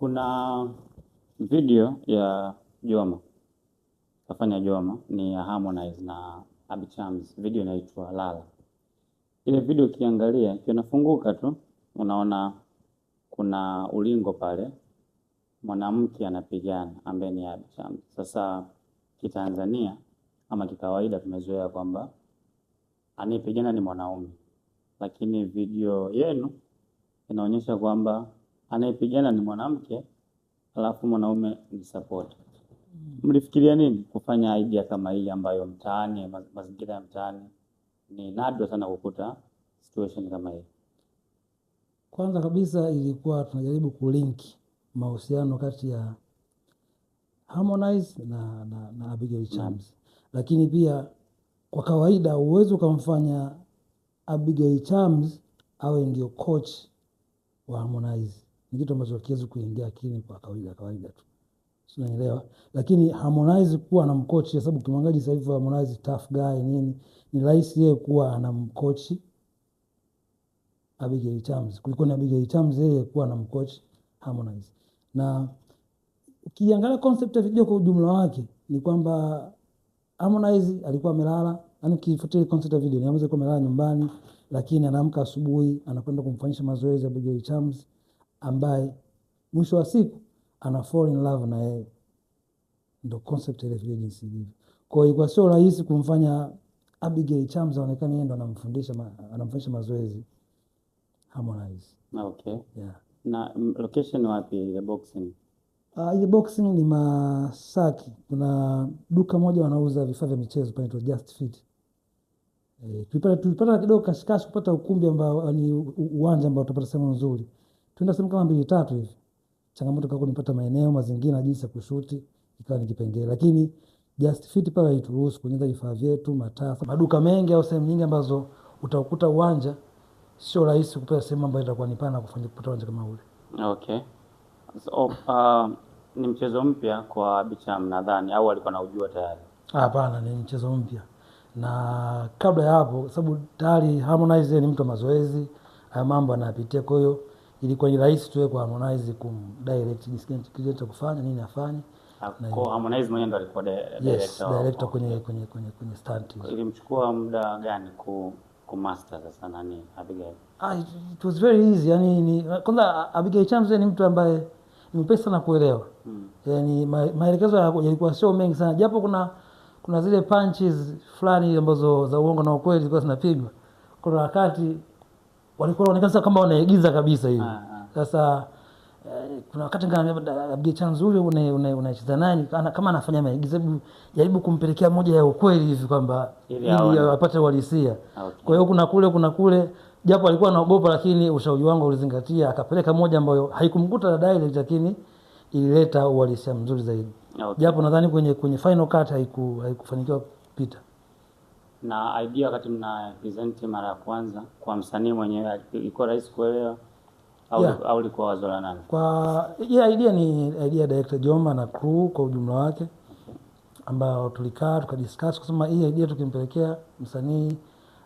Kuna video ya Joma kafanya Joma ni ya Harmonize na abichams video inaitwa Lala. Ile video ukiangalia ikiwa tu, unaona kuna ulingo pale, mwanamke anapigana ambaye ni abichams Sasa kitanzania ama kikawaida tumezoea kwamba anayepigana ni mwanaume, lakini video yenu inaonyesha kwamba anayepigana ni mwanamke, alafu mwanaume ni support. Mlifikiria nini kufanya idea kama hii ambayo mtaani, mazingira ya mtaani ni nadra sana kukuta situation kama hii? Kwanza kabisa ilikuwa tunajaribu kulink mahusiano kati ya Harmonize na, na, na Abigail mm. Chams, lakini pia kwa kawaida uwezo ukamfanya Abigail Chams awe ndio coach wa Harmonize ni kitu ambacho hakiwezi kuingia akilini kwa kawaida kawaida tu, sinaelewa. Lakini Harmonize kuwa na mkochi, kwa sababu kimwangaji sasa hivi Harmonize tough guy nini, ni rahisi yeye kuwa na mkochi Abigail Chams kuliko ni Abigail Chams yeye kuwa na mkochi Harmonize. Na ukiangalia concept ya video kwa ujumla wake ni kwamba Harmonize alikuwa amelala, yani kifuatilia concept ya video ni Harmonize alikuwa amelala nyumbani, lakini anaamka asubuhi anakwenda kumfanyisha mazoezi Abigail Chams ambaye mwisho wa siku ana fall in love na yeye. Ndo concept ile vile jinsi ilivyo. Kwa hiyo sio rahisi kumfanya Abigail Chams aonekane yeye ndo anamfundisha ma, anamfundisha mazoezi Harmonize. Ah, okay. Yeah. Na mm, location wapi ya boxing? Ah, uh, boxing ni Masaki. Kuna duka moja wanauza vifaa vya michezo pale inaitwa Just Fit. Eh, tulipata tulipata kidogo kashikashi kupata ukumbi ambao ni uwanja ambao tutapata sehemu nzuri. Tuenda sehemu kama mbili tatu hivi. Changamoto kwa kunipata maeneo, mazingira na jinsi ya kushuti ikawa ni kipengele. Lakini Just Fit pale haituruhusu kuingiza vifaa vyetu, mataa, maduka mengi au sehemu nyingi ambazo utakuta uwanja sio rahisi kupata sehemu ambayo itakuwa ni pana kufanya kupata uwanja kama ule. Okay. So, uh, ni mchezo mpya kwa Bicham nadhani au alikuwa anaujua tayari? Hapana, ni mchezo mpya na kabla ya hapo, sababu tayari Harmonize ni mtu wa mazoezi, haya mambo anayapitia. Kwa hiyo ilikuwa ni rahisi tuwe kwa Harmonize kumdirect jinsi gani kile cha kufanya nini afanye. Ah, kwa Harmonize mwenyewe ndo alikuwa director. Yes, director kwenye kwenye kwenye kwenye stunt. Ilimchukua muda gani ku ku master sasa nani Abigail? Ah, it was very easy. Yani ni kwanza Abigail Chams ni mtu ambaye ni mpesa sana kuelewa. Mm. Yani maelekezo yalikuwa sio mengi sana. Japo kuna kuna zile punches fulani ambazo za uongo na ukweli zilikuwa zinapigwa. Kuna wakati walikuwa wanaonekana kama wanaigiza kabisa hivi. Ah, ah. Sasa eh, kuna wakati nikaambia chanzo unacheza nani kama anafanya maigizo, hebu jaribu kumpelekea moja ya ukweli hivi kwamba ili apate uhalisia. Ah, Kwa hiyo kuna kule kuna kule, japo alikuwa anaogopa, lakini ushauri wangu ulizingatia, akapeleka moja ambayo haikumkuta direct, lakini ilileta uhalisia mzuri zaidi, japo nadhani kwenye kwenye final cut haiku haikufanikiwa kupita na idea wakati mna present mara ya kwanza kwa msanii mwenyewe ilikuwa rahisi kuelewa au yeah, au ilikuwa wazo la nani? Kwa yeah, idea ni idea director Jomba na crew kwa ujumla wake ambao tulikaa tukadiscuss kusema hii idea tukimpelekea msanii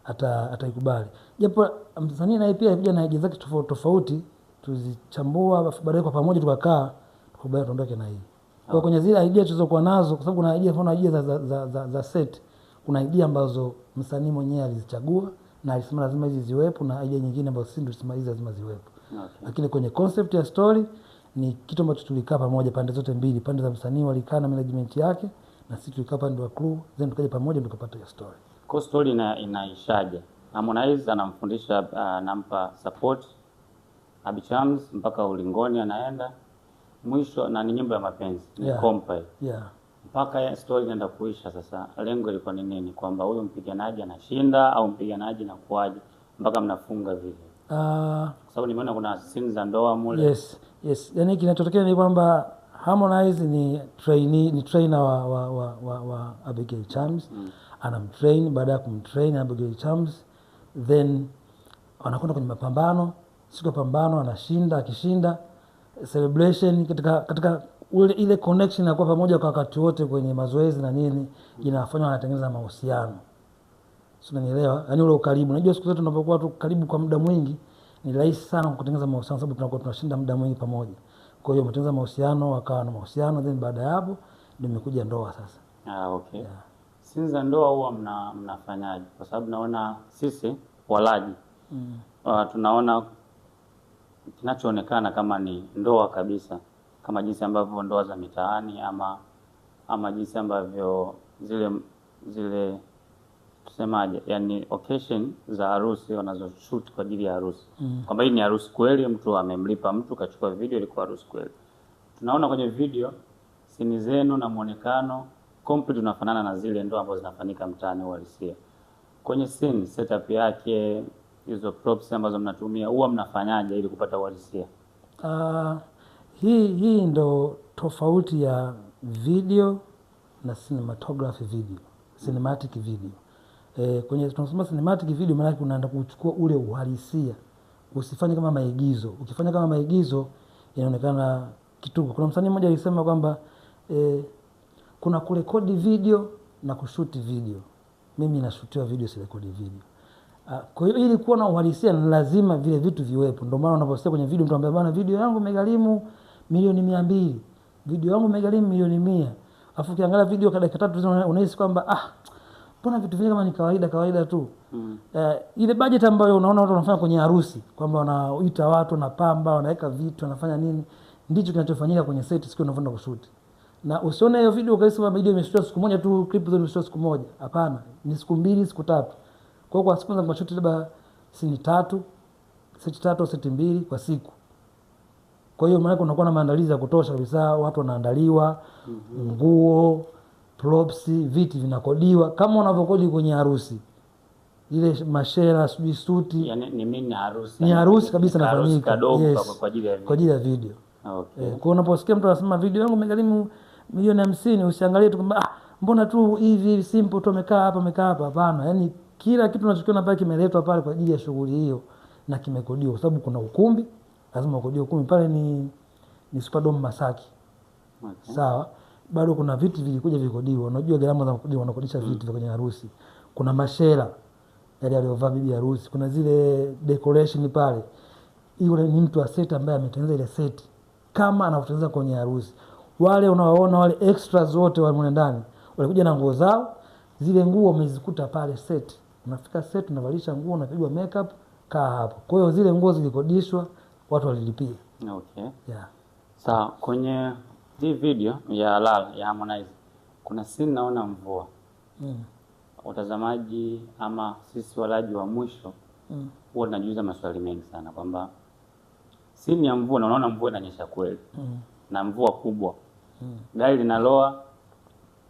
ata ataikubali. Japo msanii naye pia alikuja na idea zake tofauti tofauti, tuzichambua alafu baadaye kwa pamoja tukakaa tukubali tuondoke na hii. Kwa oh. kwenye zile idea tulizokuwa nazo kwa sababu kuna idea mfano idea za za, za, za, za set kuna idea ambazo msanii mwenyewe alizichagua na alisema lazima hizi ziwepo na idea nyingine ambazo sisi tulisimamizi lazima ziwepo okay. Lakini kwenye concept ya story ni kitu ambacho tulikaa pamoja pande zote mbili, pande za msanii walikaa na management yake na sisi tulikaa pande wa crew, then tukaja pamoja ndio tukapata hiyo story. Kwa story ina, inaishaje? Harmonize anamfundisha uh, anampa support Abby Chams mpaka ulingoni anaenda mwisho, na ni nyimbo ya mapenzi ni yeah. Compile. yeah mpaka story inaenda kuisha. Sasa lengo lilikuwa ni nini? Kwamba huyo mpiganaji anashinda au mpiganaji nakuaje mpaka mnafunga vile? Uh, sababu nimeona kuna scene za ndoa mule. Yes, yes. Yani kinachotokea ni kwamba Harmonize ni trainee, ni trainer wa, wa, wa, wa, wa Abigail Chams mm. Anamtrain, baada ya kumtrain Abigail Chams then wanakwenda kwenye mapambano. Siku ya pambano anashinda, akishinda celebration katika katika ule ile connection inakuwa pamoja kwa wakati wote kwenye mazoezi na nini, inafanya wanatengeneza mahusiano, si unanielewa? Yani ule ukaribu, unajua siku zote tunapokuwa tu karibu kwa muda mwingi ni rahisi sana kutengeneza mahusiano, sababu tunakuwa tunashinda muda mwingi pamoja. Kwa hiyo mtengeneza mahusiano, wakawa na mahusiano, then baada ya hapo ndio imekuja ndoa sasa. Ah, okay yeah. Sinza ndoa huwa mna, mnafanyaje? Kwa sababu naona sisi walaji mm. Uh, tunaona kinachoonekana kama ni ndoa kabisa kama jinsi ambavyo ndoa za mitaani ama ama jinsi ambavyo zile zile tusemaje, yani occasion za harusi wanazoshoot kwa ajili ya harusi mm. kwamba hii ni harusi kweli, mtu amemlipa mtu kachukua video, ilikuwa harusi kweli. Tunaona kwenye video sini zenu na muonekano complete unafanana na zile ndoa ambazo zinafanyika mtaani uhalisia. Kwenye scene setup yake, hizo props ambazo mnatumia huwa mnafanyaje ili kupata uhalisia? Uh, hii, hii ndo tofauti ya video na cinematography video, cinematic video. E, kwenye tunasema cinematic video maana unaenda kuchukua ule uhalisia, usifanye kama maigizo. Ukifanya kama maigizo inaonekana kituko. Kuna msanii mmoja alisema kwamba e, kuna kurekodi video na kushuti video. Mimi nashutiwa video, sirekodi video. Ah, kwa hiyo ili kuwa na uhalisia ni lazima vile vitu viwepo. Ndio maana unaposikia kwenye video mtu anambia bana, video yangu imegharimu milioni mia mbili, video yangu imegharimu milioni mia. Alafu ukiangalia video kwa dakika tatu unahisi kwamba ah, mbona vitu vile kama ni kawaida kawaida tu. Mm. Eh, ile budget ambayo unaona watu wanafanya kwenye harusi kwamba wanaita watu na pamba, wanaweka vitu, wanafanya nini, ndicho kinachofanyika kwenye set siku unavyoenda kushuti. Na usione hiyo video kaisi kwamba video imeshutwa siku moja tu, clip zote zimeshutwa siku moja. Hapana, ni siku mbili, siku tatu. Kwa hiyo kwa siku za mashuti labda sini tatu, seti tatu, seti mbili kwa siku. Kwa hiyo maana unakuwa na maandalizi ya kutosha kabisa, watu wanaandaliwa mm -hmm. nguo props, viti vinakodiwa kama unavyokodi kwenye harusi ile mashera sijui suti yani, ni mimi harusi ni harusi kabisa nafanyika yes, kwa ajili ya video, kwa ajili ya video. Okay. E, kwa unaposikia mtu anasema video yangu imegharimu milioni hamsini usiangalie tu kwamba ah, mbona tu hivi hivi simple tu amekaa hapa amekaa hapa. Hapana, yani kila kitu unachokiona pale kimeletwa pale kwa ajili ya shughuli hiyo na kimekodiwa, kwa sababu kuna ukumbi lazima ukojee kumi pale ni, ni Superdome Masaki okay. Sawa, bado kuna vitu vilikuja vikodiwa, unajua gharama za kodi wanakodisha mm. vitu vya kwenye harusi, kuna mashera yale aliyovaa bibi harusi, kuna zile decoration pale. Yule ni mtu wa set ambaye ametengeneza ile set kama anavyotengeneza kwenye harusi. Wale unaoona wale extras wote wale ndani walikuja na nguo zao, zile nguo wamezikuta pale set. Unafika set, unavalisha nguo, unapigwa makeup, kaa hapo. Kwa hiyo zile nguo zilikodishwa watu walilipia. Okay. Yeah. Sawa, kwenye hii video ya Lala ya Harmonize kuna scene naona mvua mm. Watazamaji ama sisi walaji wa mwisho mm. huwa tunajiuliza maswali mengi sana kwamba sini ya mvua na unaona mvua inanyesha kweli mm. na mvua kubwa mm. gari linaloa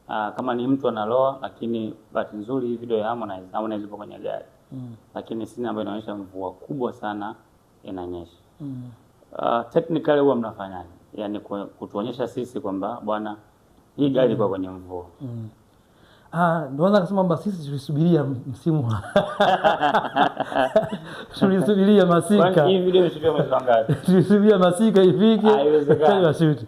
Aa, ah, kama ni mtu analoa, lakini bahati nzuri hii video ya Harmonize Harmonize ipo kwenye gari mm. lakini sina ambayo inaonyesha mvua kubwa sana inanyesha mm. Uh, technically huwa mnafanyaje? Yaani kutuonyesha sisi kwamba bwana, hii gari ilikuwa mm. kwenye mvua mm. Ah, ndoanza kusema kwamba sisi tulisubiria msimu. Tulisubiria masika. Hii video imeshukia mwezi Tulisubiria masika ifike. Haiwezekani.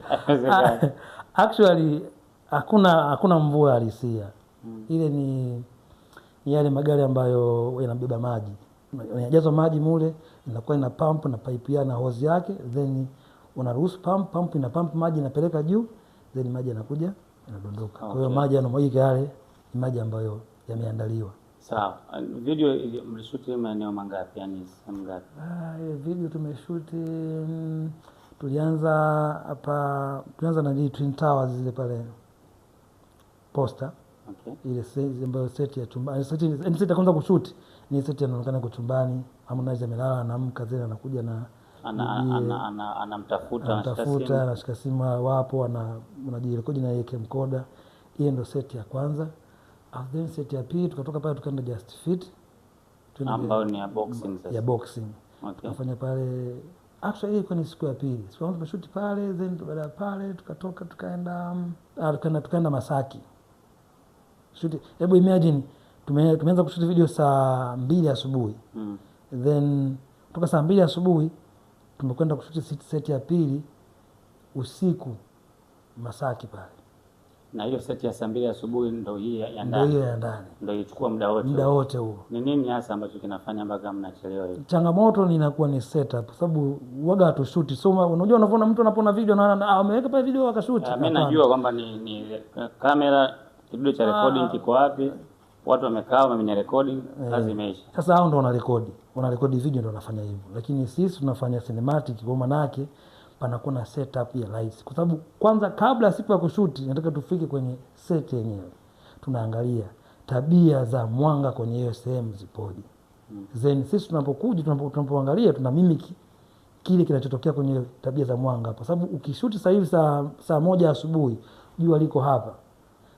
Actually hakuna hakuna mvua halisia. mm. Ile ni yale magari ambayo yanabeba maji. Yanajazwa maji mule inakuwa ina pump na pipe ya na hose yake, then unaruhusu pump, pump ina pump maji inapeleka juu, then maji yanakuja yanadondoka. Kwa hiyo maji yanamwagika yale ni maji ambayo yameandaliwa. Sawa. Video mlishuti maeneo mangapi? Yaani sehemu ngapi? Ah, video tumeshuti mm, tulianza hapa tulianza na Twin Towers zile pale Posta okay. ile seti ambayo seti ya chumbani seti, yani seti ya kwanza kushuti ni seti anaonekana kwa chumbani, Harmonize amelala, anaamka zile anakuja na anamtafuta anamtafuta, anashika simu, wapo anajirekodi na yeke mkoda. Hiyo ndo seti ya kwanza, and ah, then seti ya pili tukatoka pale tukaenda Just Fit ambayo ni ya boxing sasa, ya boxing okay. okay. pale actually hiyo ilikuwa ni siku ya pili, siku ya kwanza tumeshuti pale, then baada ya pale tukatoka tukaenda um, tukaenda tukaenda Masaki kushuti hebu imagine tume, tumeanza kushuti video saa mbili asubuhi mm. then kutoka saa mbili asubuhi tumekwenda kushuti seti ya pili usiku Masaki pale na hiyo seti ya saa mbili asubuhi ndo hii ya ndani, ndio ya ndani ndio ilichukua muda wote muda wote huo. Ni nini hasa ambacho kinafanya mpaka mnachelewa hivi? Changamoto inakuwa ni setup, sababu waga hatushuti. So unajua, unaona mtu anapona video na ah, ameweka pale video akashuti. Mimi ah, najua kwamba ni, ni eh, kamera kidude cha ah. recording kiko wapi, watu wamekaa wamenya recording, eh. kazi imeisha. Sasa hao ndo wanarekodi, wanarekodi video ndo wanafanya hivyo, lakini sisi tunafanya cinematic, kwa maana yake panakuwa na setup ya lights, kwa sababu kwanza, kabla siku ya kushuti, nataka tufike kwenye set yenyewe, tunaangalia tabia za mwanga kwenye hiyo sehemu zipoje. Hmm. Then sisi tunapokuja tunapoangalia tuna mimiki kile kinachotokea kwenye tabia za mwanga, kwa sababu ukishuti sasa hivi saa, saa moja asubuhi jua liko hapa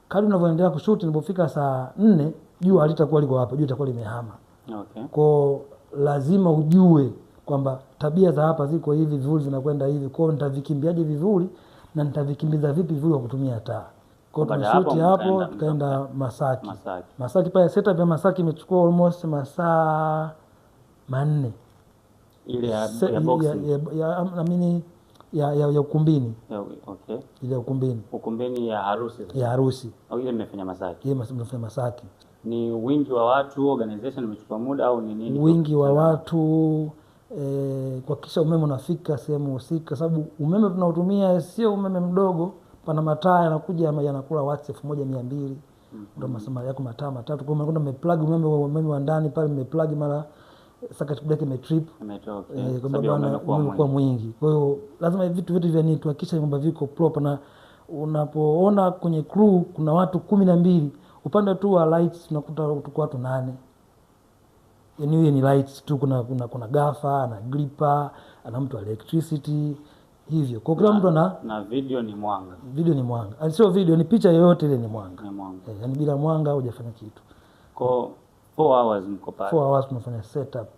kadri unavyoendelea kushuti, nilipofika saa nne jua halitakuwa liko hapa, jua itakuwa limehama. Okay. lazima ujue kwamba tabia za hapa ziko hivi, vivuli vinakwenda hivi, kwao nitavikimbiaje vivuli na nitavikimbiza vipi vivuli kwa kutumia taa. Kwa tumeshuti hapo, tukaenda Masaki. Masaki, Masaki pale setup ya Masaki imechukua almost masaa manne ile ya, ya, ya, ya, ya, ya, ya, ya, ya, ya ya, ya, ya ukumbini okay. ile ukumbini ukumbini ya harusi ya harusi au ile mmefanya Masaki ile mmefanya Masaki ni wingi wa watu organization imechukua muda au ni nini wingi wa watu e, eh, kuhakikisha umeme unafika sehemu husika sababu umeme tunaotumia sio umeme mdogo pana mataa yanakuja yanakula watu elfu moja mia mbili mm -hmm. yako mataa matatu kwa unakwenda mmeplug umeme umeme wa ndani pale mmeplug mara sakati break imetrip, eh, kwamba bwana umekuwa mwingi. Kwa hiyo lazima vitu vyote vya nini kwamba viko propa na unapoona kwenye crew kuna watu kumi na mbili upande tu wa lights tunakuta tuko watu nane yani hiyo ni lights tu. Kuna, kuna, kuna gafa na gripa ana mtu wa electricity hivyo, kwa kila mtu ana na video ni mwanga, video ni mwanga, sio video ni picha yoyote ile ni mwanga, ni mwanga. E, eh, yani bila mwanga hujafanya kitu kwa hours tunafanya setup,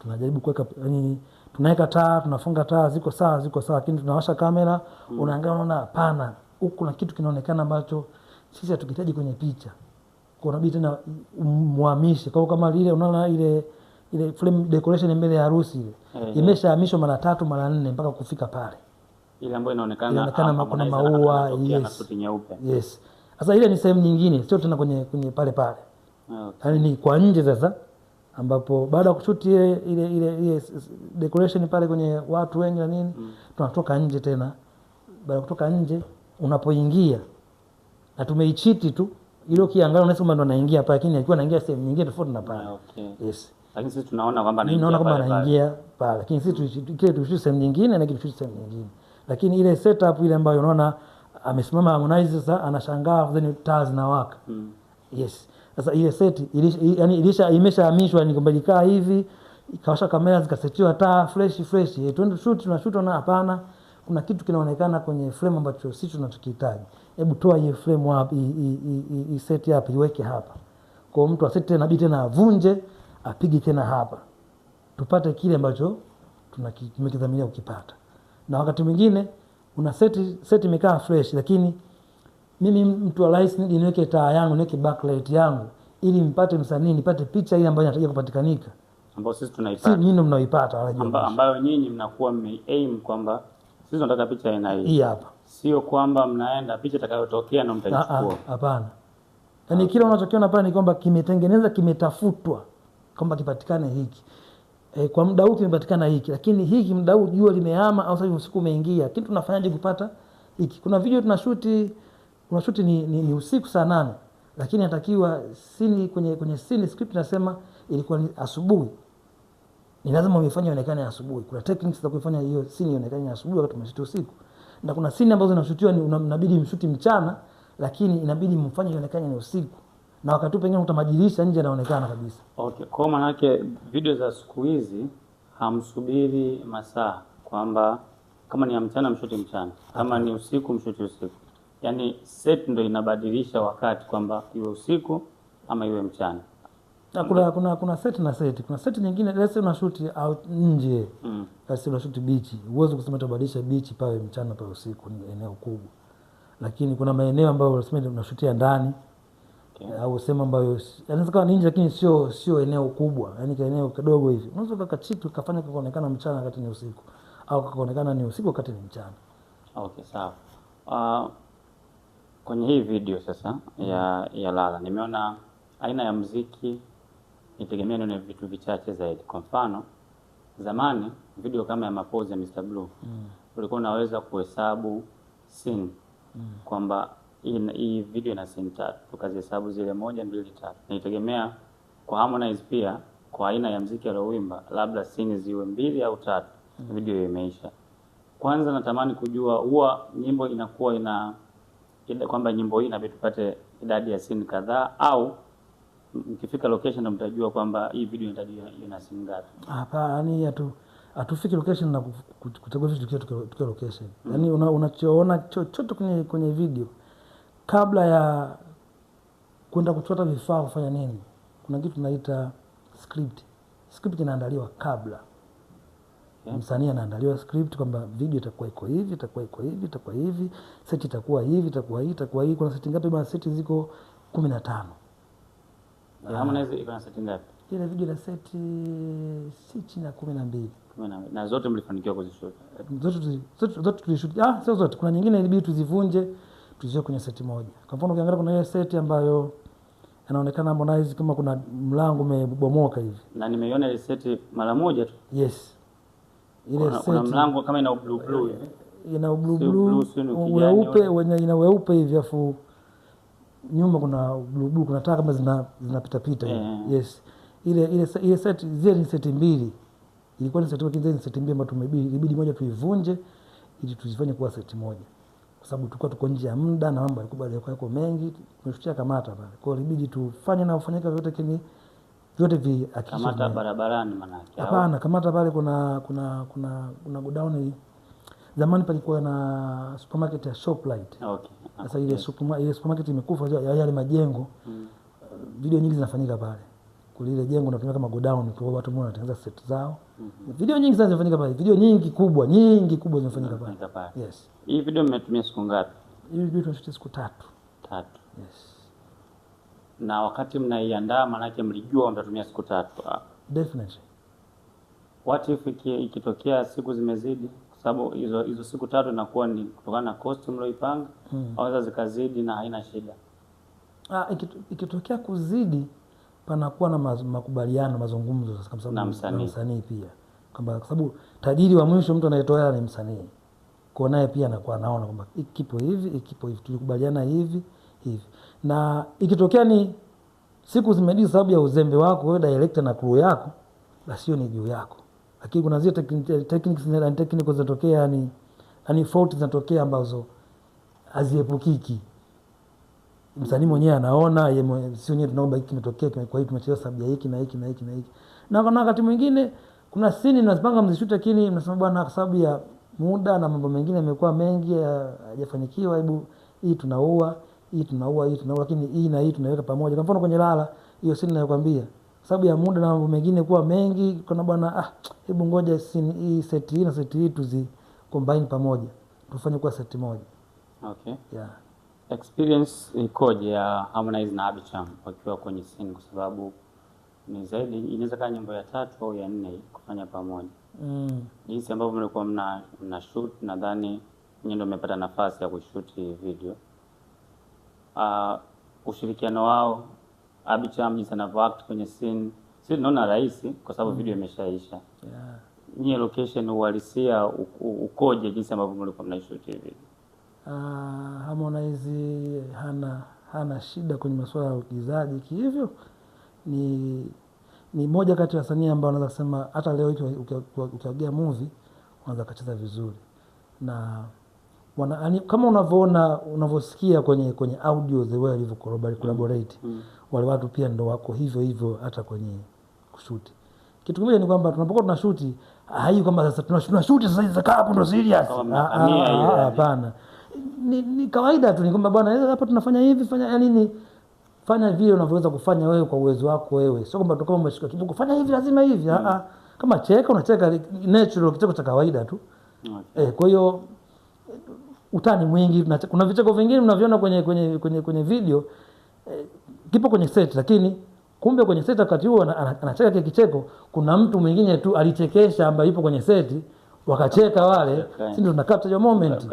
tunajaribu kuweka yani tunaweka taa, tunafunga taa, ziko sawa, ziko sawa, lakini tunawasha kamera mm. unaangaa unaona, hapana, huku kuna kitu kinaonekana ambacho sisi hatukihitaji kwenye picha, kwa tena muhamishe. kwao kama lile unaona ile ile frame decoration mbele ya harusi ile hey, eh. imeshahamishwa mara tatu mara nne mpaka kufika pale, ile ambayo inaonekana inaonekana ma, kuna maua yes, yes. Sasa ile ni sehemu nyingine, sio tena kwenye kwenye pale pale Yani ni kwa nje sasa ambapo baada ya kushuti ile ile ile decoration pale kwenye watu wengi na nini mm. tunatoka nje tena. Baada kutoka nje unapoingia na tumeichiti tu ile kiangalia unaweza kwamba ndo anaingia hapa, lakini alikuwa anaingia sehemu nyingine tofauti na pale. Ah, okay. Yes. Lakini sisi tunaona kwamba anaingia Naona kwamba anaingia pale. Lakini sisi kile tulishuti sehemu nyingine na kile tulishuti sehemu nyingine. Lakini ile setup ile ambayo unaona amesimama Harmonize sasa anashangaa then taa zinawaka. Mm. Yes. Sasa ile seti yani ilisha imeshahamishwa, ni kwamba ilikaa hivi, ikawasha kamera zikasetiwa taa fresh fresh, eh, twende shoot, na shoot na hapana, kuna kitu kinaonekana kwenye frame ambacho sisi tunachokihitaji. Hebu toa hii frame hapa, hii seti hapa, iweke hapa. Kwa mtu aseti tena, bidi tena avunje, apige tena hapa, tupate kile ambacho tunakimekidhamia kukipata. Na wakati mwingine una seti seti imekaa fresh, lakini mimi mtu wa rahisi niji niweke taa yangu niweke backlight yangu ili mpate msanii nipate picha ile ambayo inatarajia kupatikanika ambayo sisi tunaipata. sisi nyinyi mnaoipata wala amba, ambayo nyinyi mnakuwa mme aim kwamba sisi tunataka picha aina hii. Hii hapa. Sio kwamba mnaenda picha itakayotokea na mtaichukua. Ah, ah, hapana. yani Kile unachokiona pale ni kwamba kimetengenezwa kimetafutwa kwamba kipatikane hiki. E, kwa muda huu kimepatikana hiki, lakini hiki muda huu jua limehama au sasa usiku umeingia. Kitu tunafanyaje kupata hiki? Kuna video tunashuti unashuti ni, ni, ni usiku saa nane lakini natakiwa sini kwenye, kwenye sini script nasema ilikuwa ni asubuhi. Ni lazima uifanye ionekane asubuhi. Kuna techniques za kuifanya hiyo sini ionekane asubuhi wakati mnashuti usiku, na kuna sini ambazo zinashutiwa inabidi mshuti mchana, lakini inabidi mfanye ionekane ni usiku, na wakati pengine utamajirisha nje anaonekana kabisa. Okay, kwa maana yake video za siku hizi hamsubiri masaa kwamba kama ni ya mchana mshuti mchana, kama okay, ni usiku mshuti usiku yani set ndo inabadilisha wakati kwamba iwe usiku ama iwe mchana. Na kuna, kuna, kuna set na set. Kuna set nyingine let's una shoot out nje. Mm. Let's say unashuti beach. Uwezo kusema tabadilisha beach pawe mchana pawe usiku ni eneo kubwa. Lakini kuna maeneo ambayo unasema unashutia ndani. Okay. Au sema ambayo yanaweza kuwa nje lakini sio sio eneo kubwa. yani kwa eneo kidogo hivi. Unaweza kaka chitu kafanya kuonekana mchana wakati ni usiku au kuonekana ni usiku wakati ni mchana. Okay, sawa. Uh, Kwenye hii video sasa ya ya lala nimeona aina ya mziki nitegemea nione vitu vichache zaidi. Kwa mfano, zamani video kama ya mapozi ya Mr Blue mm. ulikuwa unaweza kuhesabu scene mm. kwamba hii, hii video ina scene tatu, tukazihesabu zile moja, mbili, tatu. Nitegemea kwa Harmonize pia kwa aina ya mziki aliowimba labda scene ziwe mbili au tatu, mm. video imeisha. Kwanza natamani kujua huwa nyimbo inakuwa ina ile kwamba nyimbo hii inabidi tupate idadi ya scene kadhaa, au mkifika location mtajua kwamba hii video inatajwa ina scene ngapi? Hapana, ni atu hatufiki location na kuchagua vitu tukio location. Mm. Yani unachoona una chochote kwenye kwenye video kabla ya kwenda kuchota vifaa kufanya nini, kuna kitu tunaita script. Script inaandaliwa kabla yeah. Msanii anaandaliwa script kwamba video itakuwa iko hivi, itakuwa iko hivi, itakuwa hivi, set itakuwa hivi, itakuwa hii, itakuwa hii. Kuna seti ngapi bana? Seti ziko kumi na tano. Harmonize iko na seti ngapi? Ile video na seti eh, si chini ya kumi na mbili na zote mlifanikiwa kuzishoot? Zote zote tulishoot. Ah, sio zote, kuna nyingine ilibidi tuzivunje tuziwe kwenye seti moja. Kwa mfano ukiangalia, kuna ile seti ambayo inaonekana Harmonize kama kuna mlango umebomoka hivi, na nimeiona ile seti mara moja tu. Yes ile seti kuna mlango kama ina blue blue eh, hivi ina blue blue weupe wenye ina weupe hivi afu nyuma kuna blue blue kuna taa kama zina zinapita pita yeah. Yes, ile ile ile seti zile ni seti mbili, ilikuwa ni seti kingine ni seti mbili ambayo tumebidi ibidi moja tuivunje ili tuzifanye kuwa seti moja, kwa sababu tulikuwa tuko nje ya muda na mambo yalikuwa bado yako mengi, tumefikia kamata pale, kwa hiyo ibidi tufanye na ufanyike vyote kini vyote vihapana kamata pale kuna kuna kuna kuna godown zamani palikuwa na supermarket ya Shoprite. Sasa ile supermarket ile supermarket imekufa yale majengo. Mm. Video nyingi zinafanyika pale. kulile jengo unatumia kama godown tu watu mmoja wanatengeneza set zao. Mm -hmm. Video nyingi sana zinafanyika pale. Video nyingi kubwa, nyingi kubwa zinafanyika pale. Yes. Hii video mmetumia siku ngapi? Hii video tunashutia siku tatu. Tatu. Yes na wakati mnaiandaa, maanake mlijua mtatumia siku tatu. Ah. Definitely. What if ikitokea siku zimezidi, kwa sababu hizo hizo siku tatu inakuwa ni kutokana na cost mlioipanga, mm. au zikazidi na haina shida? Ah, ikitokea kuzidi panakuwa na maz, makubaliano mazungumzo sasa, kwa msanii msanii pia kwamba, kwa sababu tajiri wa mwisho mtu anayetoa hela ni msanii, kwa naye pia anakuwa anaona kwamba ikipo hivi ikipo hivi tulikubaliana hivi hivi, na ikitokea ni siku zimejii sababu ya uzembe wako wewe director na crew yako, basi hiyo ni juu yako, lakini kuna zile techniques na techniques zinatokea, yani yani fault zinatokea ambazo haziepukiki. Msanii mwenyewe anaona yeye, si nyewe tunaomba hiki kimetokea, kimekuwa hiyo tumechelewa sababu ya hiki na hiki na hiki na hiki. Na kuna wakati mwingine kuna sini mnazipanga mzishute, lakini mnasema bwana, sababu ya muda na mambo mengine yamekuwa mengi, hajafanikiwa, hebu hii tunaua hii tunaua hii tunaua, lakini hii na hii tunaweka pamoja. Kwa mfano kwenye lala hiyo sini nayokwambia sababu ya muda na mambo mengine kuwa mengi, kuna bwana ah, hebu ngoja hii seti hii na seti hii tuzi combine pamoja tufanye kuwa seti moja. Okay, yeah. Experience ikoje ya Harmonize na abicham wakiwa kwenye scene, kwa sababu ni zaidi inaweza kaa nyimbo ya tatu au ya nne kufanya pamoja mm. Jinsi ambavyo mlikuwa mna, mna shoot nadhani nyinyi ndio mmepata nafasi ya kushuti video Uh, ushirikiano wao ABICHAM jinsi anavyoact kwenye scene, si naona rahisi kwa sababu mm. video imeshaisha yeah. Nyie location uhalisia ukoje, jinsi ambavyo mlikuwa mnaishoot hivi? Uh, Harmonize hana hana shida kwenye masuala ya uigizaji kihivyo, ni ni moja kati ya wasanii ambao wanaweza kusema hata leo hii ukiongea movie unaweza kacheza vizuri na wana, kama unavyoona unavyosikia kwenye kwenye audio the way alivyo collaborate mm. wale watu pia ndo wako hivyo hivyo hata kwenye kushuti. Kitu kimoja ni kwamba tunapokuwa tunashuti hai kwamba sasa tunashuti sasa hivi hapo ndo serious. Ah, ah, ah, hapana. Ni, ni kawaida tu ni kwamba bwana eh, hapa tunafanya hivi fanya yani ni fanya vile unavyoweza kufanya wewe kwa uwezo wako wewe. Sio kwamba tu kama umeshika kibuku fanya hivi lazima hivi. Mm. Aa, kama cheka unacheka natural kitu cha kawaida tu. Okay. Mm. Eh, kwa hiyo utani mwingi. Kuna vicheko vingine mnavyoona kwenye, kwenye, kwenye, kwenye video eh, kipo kwenye set, lakini kumbe kwenye set wakati huo anacheka kile kicheko, kuna mtu mwingine tu alichekesha ambaye yupo kwenye set wakacheka wale, si ndio? Tuna capture moment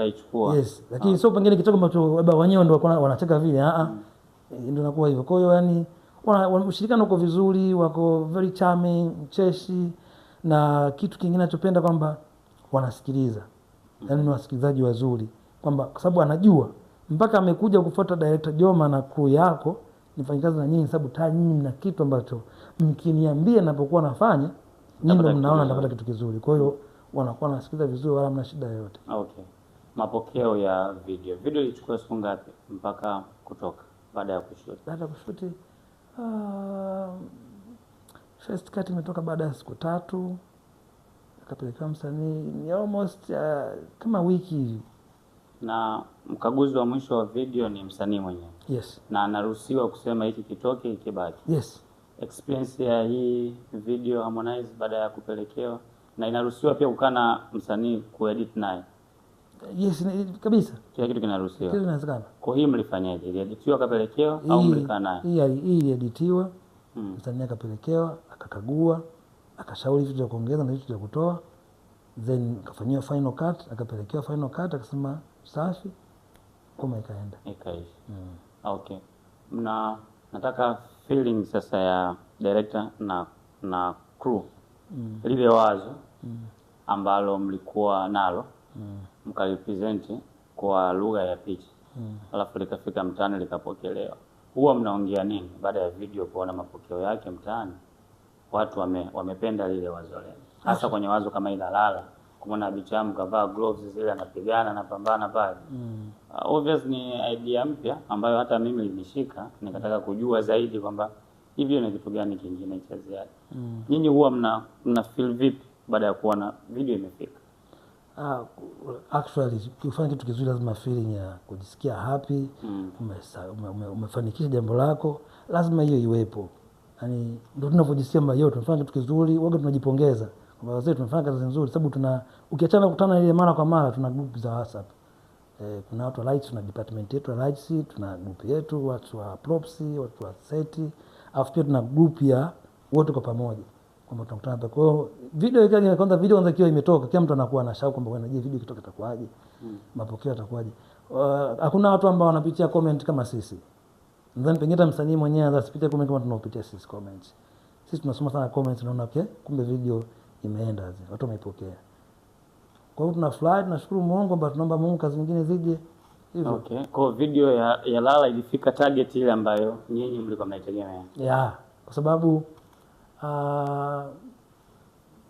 yes, lakini ah. sio pengine kicheko ambacho labda wenyewe ndio wanacheka vile. A ah, a, ah. mm. eh, ndio nakuwa hivyo. Kwa hiyo yani ushirikiano uko vizuri, wako very charming, cheshi na kitu kingine nachopenda kwamba wanasikiliza, yani ni mm. wasikilizaji wazuri kwamba kwa sababu anajua mpaka amekuja kufuata Director Joma na kuu yako nifanyikazi na nyinyi, sababu taa nyinyi mna kitu ambacho mkiniambia napokuwa nafanya nyinyi ndio mnaona napata kitu kizuri. Kwa hiyo wanakuwa wanasikiliza vizuri, wala mna shida yoyote. Ah, okay. Mapokeo ya video, video ilichukua siku ngapi mpaka kutoka baada ya kushuti? Baada ya kushuti uh, ah, first cut imetoka baada ya siku tatu, akapelekewa msanii ni almost uh, kama wiki hivi na mkaguzi wa mwisho wa video ni msanii mwenyewe. Yes. Na anaruhusiwa kusema hiki kitoke hiki Yes. Experience ya hii video Harmonize baada ya kupelekewa na inaruhusiwa pia kukaa na msanii kuedit naye. Yes, kabisa. Kila kitu kinaruhusiwa. Kila inawezekana. Kwa hii mlifanyaje? iliaditiwa akapelekewa au mlikaa naye? Hii hii ilieditiwa. Hmm. Msanii akapelekewa, akakagua, akashauri vitu vya kuongeza na vitu vya kutoa. Then kafanyiwa final cut, akapelekewa final cut akasema safi kuma ikaenda ikaishi. mm. Okay, na nataka feeling sasa ya director na na crew mm. lile wazo mm. ambalo mlikuwa nalo mm. mkalipresenti kwa lugha ya picha mm. alafu likafika mtaani likapokelewa, huwa mnaongea nini baada ya video kuona mapokeo yake mtaani? Watu wame, wamependa lile wazo lenu, hasa kwenye wazo kama ilalala kumwona Abicham kavaa gloves zile, anapigana anapambana pale mm. Uh, obvious ni idea mpya ambayo hata mimi nilishika nikataka kujua zaidi kwamba hivyo ni kitu gani kingine cha ziada mm. Nyinyi huwa mna, mna feel vipi baada ya kuona video imefika? Uh, actually kufanya kitu kizuri lazima feeling ya kujisikia happy mm. ume, ume, umefanikisha jambo lako lazima hiyo iwepo, yani ndio tunavyojisikia mbaya. Tunafanya kitu kizuri, woga tunajipongeza mm wazee tunafanya kazi nzuri, sababu tuna ukiachana kukutana ile mara kwa mara, tuna group za WhatsApp E, kuna watu wa lights, tuna department yetu ya lights, tuna group yetu, watu wa props, watu wa set, afu pia tuna group ya wote kwa pamoja kwamba tunakutana hapa. Kwa hiyo video ikaje ikaja kwanza, video kwanza ikiwa imetoka, kila mtu anakuwa na shauku kwamba kwa nini video ikitoka itakuwaje? Hmm. Mapokeo yatakuwaje? Uh, hakuna uh, watu ambao wanapitia comment kama sisi. Nadhani pengine hata msanii mwenyewe anaweza kupitia comment kama tunaopitia sisi comments. Sisi tunasoma sana comments, naona okay, kumbe video imeenda, watu wameipokea. Kwa hiyo tunafurahi, tunashukuru Mungu kwamba tunaomba Mungu kazi nyingine zije hivyo. Okay. Kwa video ya, ya Lala ilifika target ile ambayo nyinyi mlikuwa mnaitegemea. Yeah, kwa sababu uh,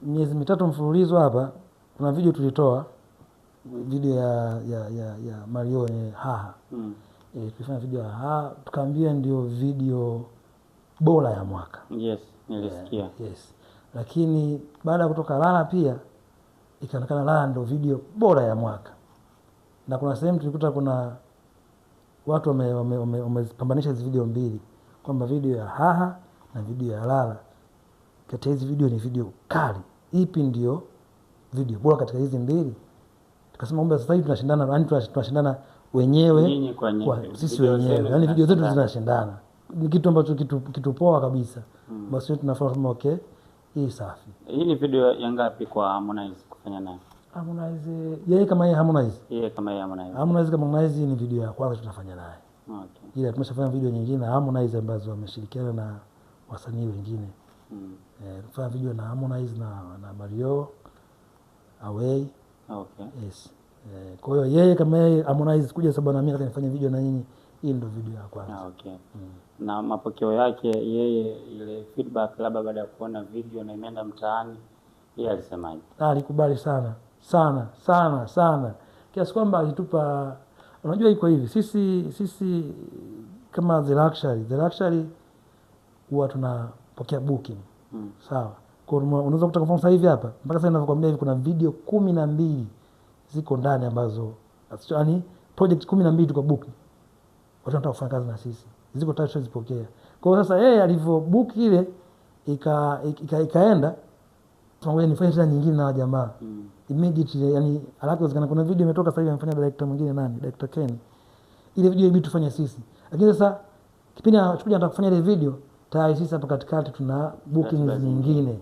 miezi mitatu mfululizo hapa kuna video tulitoa video ya ya ya, ya Mario ni eh, haha mm. E, tulifanya video ya haha tukaambia ndio video bora ya mwaka. Yes, nilisikia. Yeah, yes. Lakini baada ya kutoka Lala pia ikaonekana Lala ndio video bora ya mwaka, na kuna sehemu tulikuta kuna watu wamepambanisha hizi video mbili kwamba video ya Haha na video ya Lala, kati ya hizi video ni video kali, ipi ndio video bora katika hizi mbili? Tukasema kumbe sasa hivi tunashindana, yani tunashindana wenyewe kwa sisi wenyewe, yani video zetu zinashindana. Ni kitu ambacho kitu, kitu poa kabisa. Mm. Basi tunafaa kama okay hii safi. Hii ni video ya ngapi kwa Harmonize kufanya naye? Harmonize yeye kama yeye Harmonize. Yeye kama yeye Harmonize. Harmonize kama Harmonize ni video ya kwanza tunafanya naye. Okay. Ila tumeshafanya video nyingine na Harmonize ambazo ameshirikiana na wasanii wengine. Mm. Eh, tumefanya video na Harmonize na na Mario Away. Okay. Yes. Eh, kwa hiyo yeye kama yeye Harmonize kuja sababu na mimi nifanye video na nyinyi, hii ndio video ya kwanza. Ah, Okay. Mm na mapokeo yake yeye, ile feedback labda baada ya kuona video na imeenda mtaani, yeye alisemaje? Alikubali sana sana sana sana kiasi kwamba alitupa, unajua iko hivi, sisi sisi kama The Luxury, The Luxury huwa tunapokea booking hmm. Sawa, unaweza kutoka kwa sasa hivi hapa mpaka sasa ninavyokuambia hivi kuna video kumi na mbili ziko ndani ambazo yaani project kumi na mbili tuko booking, watu wanataka kufanya kazi na sisi ziko tatu zipokea. Kwa hiyo sasa yeye alivyobuki ile ika, ika, ikaenda tunangoja nifanye tena nyingine na wajamaa. Mm. Immediately yani alako zikana kuna video imetoka sasa hivi amfanya director mwingine nani? Director Ken. Ile video ibidi tufanye sisi. Lakini sasa kipindi anachukua anataka kufanya ile video tayari sisi hapa katikati tuna bookings nyingine.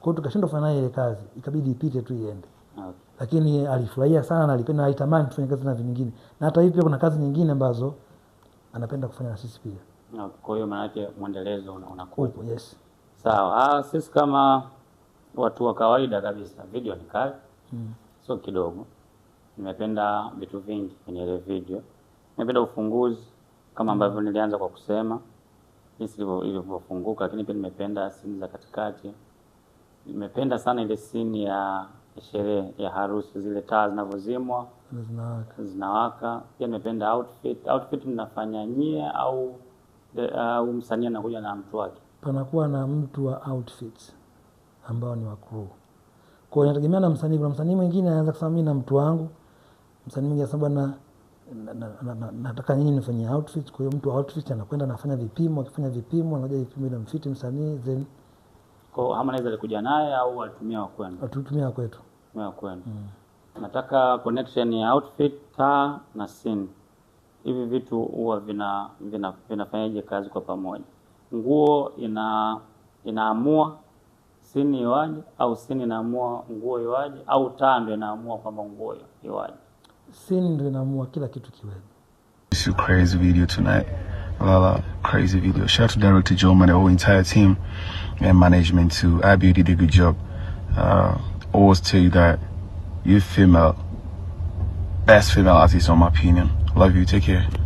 Kwa hiyo tukashindwa kufanya ile kazi, ikabidi ipite tu iende. Okay. Lakini alifurahia sana na alipenda, alitamani tufanye kazi na vingine. Na hata hivi pia kuna kazi nyingine ambazo anapenda kufanya na sisi pia. Kwa hiyo maana yake mwendelezo unakuwa Yes. Sawa. Ah, sisi kama watu wa kawaida kabisa, video ni kali. mm. Sio kidogo. Nimependa vitu vingi kwenye ile video. Nimependa ufunguzi kama mm. ambavyo nilianza kwa kusema jinsi ilivyofunguka, lakini pia nimependa simu za katikati. Nimependa sana ile sini ya sherehe ya harusi, zile taa zinavyozimwa zinawaka, zinawaka. Pia nimependa outfit. Outfit mnafanya nyie au uh, msanii anakuja na mtu wake? Panakuwa na mtu wa outfit ambao ni wa crew. Kwa hiyo inategemea na msanii. Kuna msanii mwingine anaanza kusema mimi na mtu wangu, msanii mwingine anasema na, nataka nyinyi nifanyie outfit. Kwa hiyo mtu wa outfit anakwenda anafanya vipimo, akifanya vipimo anakuja vipimo inamfiti msanii then kwa Harmonize alikuja naye au alitumia wa kwenu? Alitumia wa kwetu. Tumia wa kwenu. Mm. Nataka connection ya outfit, taa na scene. Hivi vitu huwa vina vinafanyaje kazi kwa pamoja? Nguo ina inaamua scene iwaje au scene inaamua nguo iwaje au taa ndio inaamua kwamba nguo iwaje? Scene ndio inaamua kila kitu kiwepo. It's a crazy video tonight. crazy video. Shout out to director Joe and the whole entire team and management too. IBU did a good job. Uh, always tell you that you female, best female artist, in my opinion. Love you. Take care.